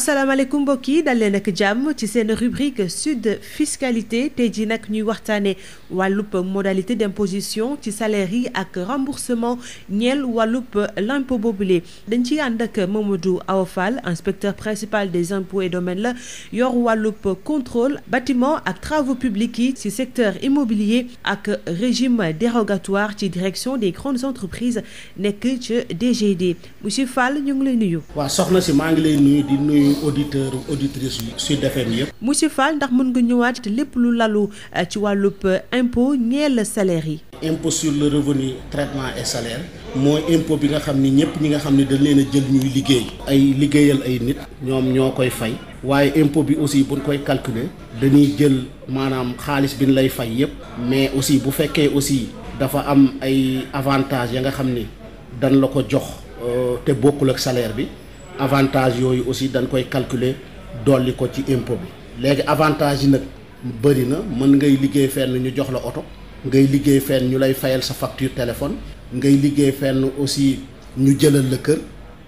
asalaamaaleykum mbokk yi dal leen ak jàmm ci seen rubrique sud fiscalité tey jii nag ñuy waxtaanee wàllub modalité d'imposition ci salaire yi ak remboursement ñeel wàllub l'impôt boobule dañ ciy ànd ak Mamadou Awa Fall inspecteur principal des impôts et domaines la yor wàllub contrôle bâtiment ak travaux publics yi ci secteur immobilier ak régime dérogatoire ci direction des grandes entreprises nekk ci DGD monsieur Fall ñu ngi lay nuyu. waaw soxna si maa ngi lay nuyu. nuyu auditeur auditrice yi Sud FM yëpp. monsieur Fall ndax mën nga ñëwaat lépp lu lalu euh, ci wàllu wàllub euh, impôt la salaire yi. impôt sur le revenu traitement et salaire mooy impôt bi nga xam ni ñëpp ñi nga xam ne dañ leen a jël ñuy liggéey. ay liggéeyal ay nit. ñoom ñoo koy fay. waaye impôt bi aussi buñ koy calculer dañuy jël maanaam xaalis bi ñu lay fay yëpp. mais aussi bu fekkee aussi dafa am ay avantages ya nga xam ni dañ la ko jox. Euh, te bokkul ak salaire bi. avantage yooyu aussi dañ koy calculer dolli ko ci impo bi léegi avantage yi nag bëri na mën ngay liggéey fenn ñu jox la oto ngay liggéey fenn ñu lay fayal sa facture téléphone ngay liggéey fenn aussi ñu jëlal la kër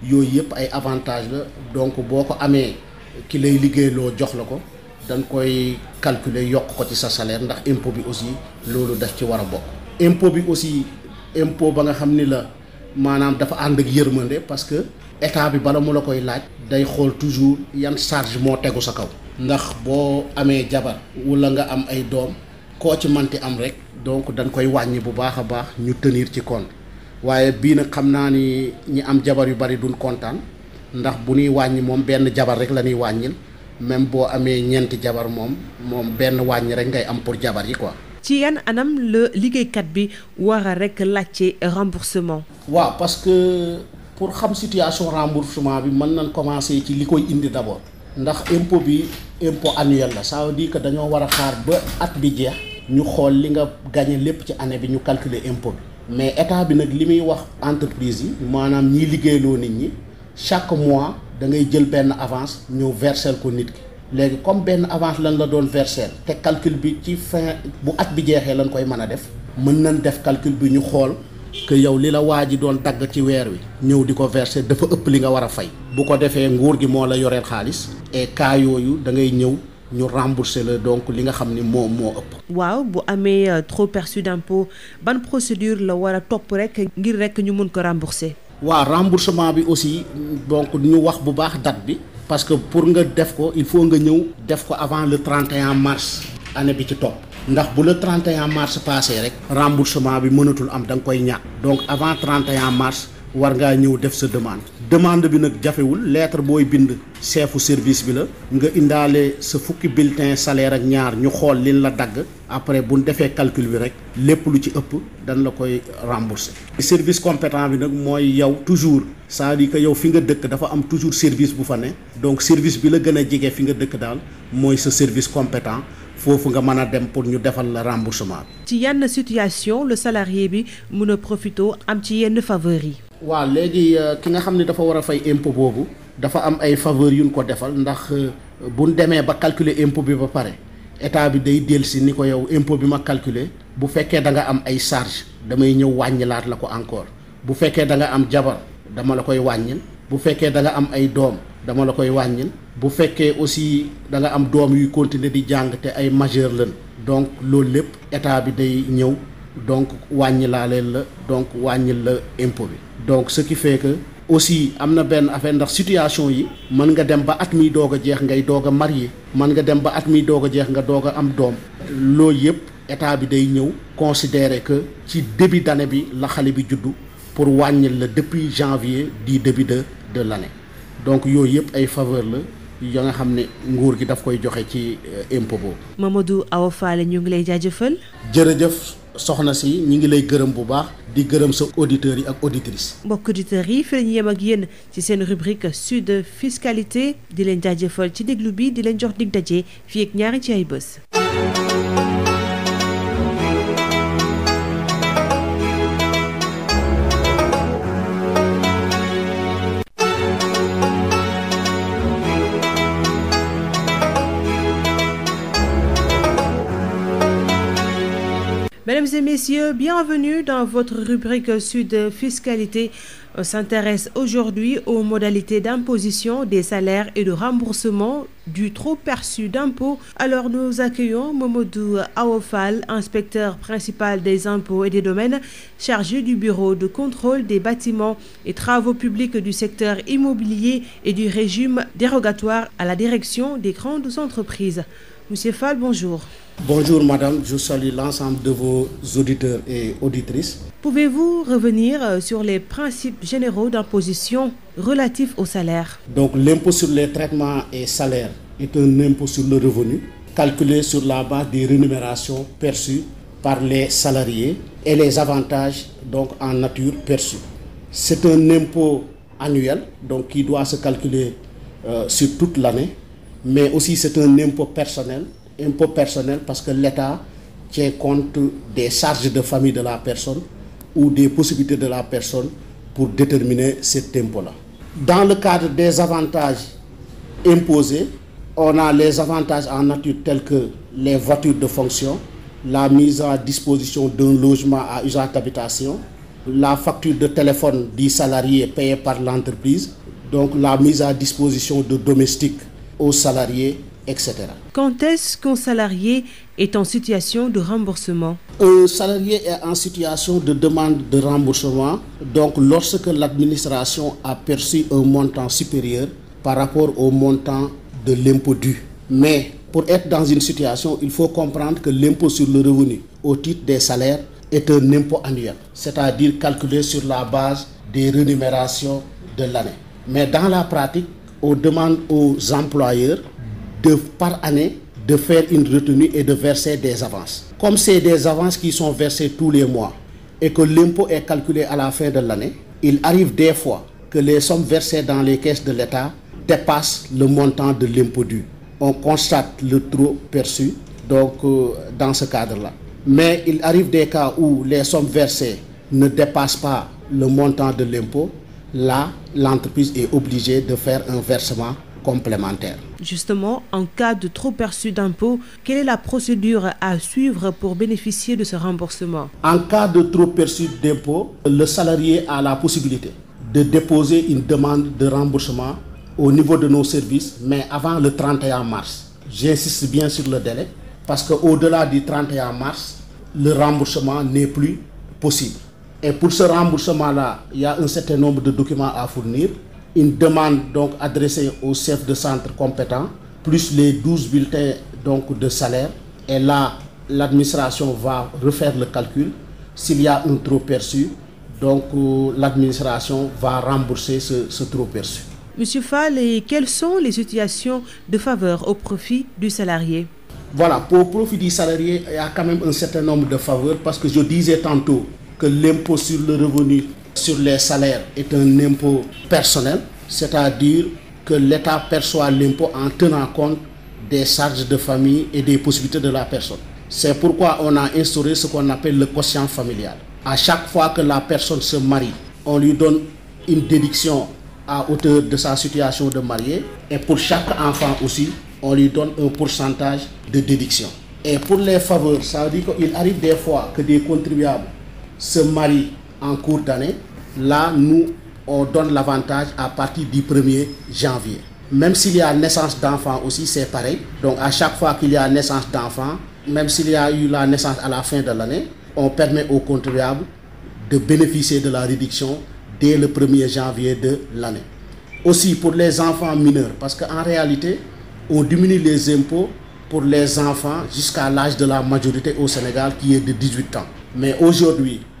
yooyu yëpp ay avantage la donc boo ko amee ki lay liggéeyloo jox la ko dañ koy calculer yokk ko ci sa salaire ndax impôt bi aussi loolu daf ci war a bokk impo bi aussi impôt ba nga xam ni la maanaam dafa ànd ak yërmande parce que état bi bala mu la koy laaj day xool toujours yan charge moo tegu sa kaw ndax boo amee jabar wala nga am ay doom koo ci manti am rek donc dañ koy wàññi bu baax a baax ñu tenir ci compte waaye bii nag xam naa ni ñi am jabar yu bari duñ kontaan ndax bu ñuy wàññi moom benn jabar rek la ñuy wàññil même boo amee ñeenti jabar moom moom benn wàññi rek ngay am pour jabar yi quoi ci yan anam la liggéeykat bi war a rek laajte remboursement. waaw parce que pour xam situation remboursement bi mën nañ commencer ci li koy indi d'abord. ndax impôt bi impôt annuel la ça veut dire que dañoo war a xaar ba at bi jeex. ñu xool li nga gagné lépp ci année bi ñu calculer impôt bi. mais état bi nag li muy wax entreprise yi. maanaam ñiy liggéeyloo nit ñi chaque mois da ngay jël benn avance ñëw versel ko nit ki. léegi comme benn avance lan la doon verser te calcul bi ci fin bu at bi jeexee lan koy mën a def mën nañ def calcul bi ñu xool que yow li la waa ji doon dagg ci weer wi ñëw di ko verser dafa ëpp li nga war a fay bu ko defee nguur gi moo la yoreel xaalis et cas yooyu da ngay ñëw ñu rembourser la donc li nga xam ni moom moo ëpp waaw bu amee euh, trop perçu d'impôt ban procédure la war a topp rek ngir rek ñu mun ko rembourser waaw remboursement bi aussi donc ñu wax bu baax date bi parce que pour nga def ko il faut nga ñëw def ko avant le 31 mars année bi ci topp ndax bu le 31 mars passé rek remboursement bi mënatul am danga koy ñàkk donc avant en mars war ngaa ñëw def sa demande demande bi nag jafewul lettre booy bind chefu service bi la nga indaale sa fukki bulletin salaire ak ñaar ñu xool liin la dagg après bu ñu defee calcul bi rek lépp lu ci ëpp dañ la koy rembourser service compétent bi nag mooy yow toujours c'est-à-dire yow fi nga dëkk dafa am toujours service bu fa ne donc service bi la gën a jege fi nga dëkk daal mooy sa service compétent foofu nga mën a dem pour ñu defal la remboursement bi. ci yenn situation le salarié bi mën a profité am ci yenn faveur yi. waa léegi euh, ki nga xam ne dafa war a fay impo boobu dafa am ay yu yuñ ko defal ndax euh, buñ demee ba calculer impo bi ba pare état bi day dellusi ni ko yow impôt bi ma calculer bu fekkee danga am ay charge damay ñëw wàññilaat la ko encore bu fekkee da nga am jabar dama la koy wàññil bu fekkee da nga am ay doom dama la koy wàññil bu fekkee aussi da nga am doom yuy continuer di jàng te ay majeur lañ donc loolu lépp état bi day ñëw donc wàññi laaleel la donc wàññil la impôt bi donc ce qui fait que aussi am na benn affaire ndax situation yi mën nga dem ba at miy doog a jeex ngay doog a marié man nga dem ba at miy doog a jeex nga doog a am doom loolu yëpp état bi day ñëw considérer que ci début d'année bi la xale bi juddu pour wàññil la depuis janvier di début de de l'année donc yooyu yëpp ay faveur la ya nga xam ne nguur gi daf koy joxe ci euh, impôt boobu. Mamadou Awa Faale ñu ngi lay jaajëfal. jërëjëf. soxna si ñi ngi lay gërëm bu baax di gërëm sa auditeurs yi ak auditrices. mbokk auditeurs yi fi la yem ak yéen ci seen rubrique sud fiscalité di leen jaajëfal ci déglu bi di leen jox dig dajee fii ak ñaari ci ay bés. et messieurs, bienvenue dans votre rubrique Sud Fiscalité. On s'intéresse aujourd'hui aux modalités d'imposition des salaires et de remboursement du trop perçu d'impôts. Alors nous accueillons Momodou Awofal, inspecteur principal des impôts et des domaines, chargé du bureau de contrôle des bâtiments et travaux publics du secteur immobilier et du régime dérogatoire à la direction des grandes entreprises. Monsieur Fall, bonjour. Bonjour madame, je salue l'ensemble de vos auditeurs et auditrices. Pouvez-vous revenir euh, sur les principes généraux d'imposition relatifs au salaire Donc l'impôt sur les traitements et salaires est un impôt sur le revenu calculé sur la base des rémunérations perçues par les salariés et les avantages donc en nature perçus. C'est un impôt annuel donc qui doit se calculer euh, sur toute l'année, mais aussi c'est un impôt personnel impôt personnel parce que l'État tient compte des charges de famille de la personne ou des possibilités de la personne pour déterminer cet impôt-là. Dans le cadre des avantages imposés, on a les avantages en nature tels que les voitures de fonction, la mise à disposition d'un logement à usage d'habitation, la facture de téléphone du salarié payée par l'entreprise, donc la mise à disposition de domestiques aux salariés etc. Quand est-ce qu'un salarié est en situation de remboursement Un salarié est en situation de demande de remboursement, donc lorsque l'administration a perçu un montant supérieur par rapport au montant de l'impôt dû. Mais pour être dans une situation, il faut comprendre que l'impôt sur le revenu au titre des salaires est un impôt annuel, c'est-à-dire calculé sur la base des rémunérations de l'année. Mais dans la pratique, on demande aux employeurs de par année de faire une retenue et de verser des avances. Comme c'est des avances qui sont versées tous les mois et que l'impôt est calculé à la fin de l'année, il arrive des fois que les sommes versées dans les caisses de l'État dépassent le montant de l'impôt dû. On constate le trop perçu donc euh, dans ce cadre-là. Mais il arrive des cas où les sommes versées ne dépassent pas le montant de l'impôt. Là, l'entreprise est obligée de faire un versement complémentaires. Justement, en cas de trop perçu d'impôts, quelle est la procédure à suivre pour bénéficier de ce remboursement? En cas de trop perçu d'impôts, le salarié a la possibilité de déposer une demande de remboursement au niveau de nos services, mais avant le 31 mars. J'insiste bien sur le délai parce que au-delà du 31 mars, le remboursement n'est plus possible. Et pour ce remboursement-là, il y a un certain nombre de documents à fournir. une demande donc adressée au chef de centre compétent, plus les 12 bulletins donc de salaire. Et là, l'administration va refaire le calcul. S'il y a un trop perçu, donc euh, l'administration va rembourser ce, ce trop perçu. Monsieur Fall, et quelles sont les situations de faveur au profit du salarié Voilà, pour profit du salarié, il y a quand même un certain nombre de faveurs parce que je disais tantôt que l'impôt le revenu sur les salaires est un impôt personnel, c'est-à-dire que l'État perçoit l'impôt en tenant compte des charges de famille et des possibilités de la personne. C'est pourquoi on a instauré ce qu'on appelle le quotient familial. À chaque fois que la personne se marie, on lui donne une déduction à hauteur de sa situation de marié et pour chaque enfant aussi, on lui donne un pourcentage de déduction. Et pour les faveurs, ça veut dire qu'il arrive des fois que des contribuables se en cours d'année, là, nous, on donne l'avantage à partir du 1er janvier. Même s'il y a naissance d'enfants aussi, c'est pareil. Donc à chaque fois qu'il y a naissance d'enfants, même s'il y a eu la naissance à la fin de l'année, on permet au contribuables de bénéficier de la réduction dès le 1er janvier de l'année. Aussi pour les enfants mineurs, parce que en réalité, on diminue les impôts pour les enfants jusqu'à l'âge de la majorité au Sénégal qui est de 18 ans.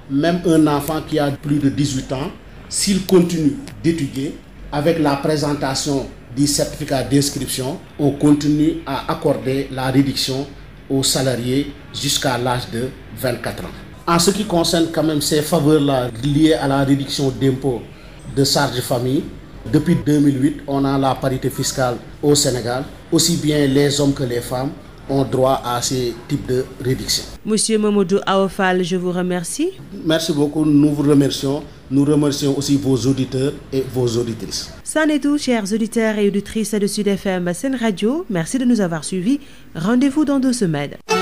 même un enfant qui a plus de 18 ans, s'il continue d'étudier, avec la présentation du certificat d'inscription, on continue à accorder la réduction aux salariés jusqu'à l'âge de 24 ans. En ce qui concerne quand même ces faveurs-là liées à la réduction d'impôts de charges famille, depuis 2008, on a la parité fiscale au Sénégal, aussi bien les hommes les femmes. ont droit à ces types de réductions. Monsieur Mamadou Aofal, je vous remercie. Merci beaucoup, nous vous remercions. Nous remercions aussi vos auditeurs et vos auditrices. C'en est chers auditeurs et auditrices de Sud FM Sen Radio. Merci de nous avoir suivis. Rendez-vous dans deux semaines.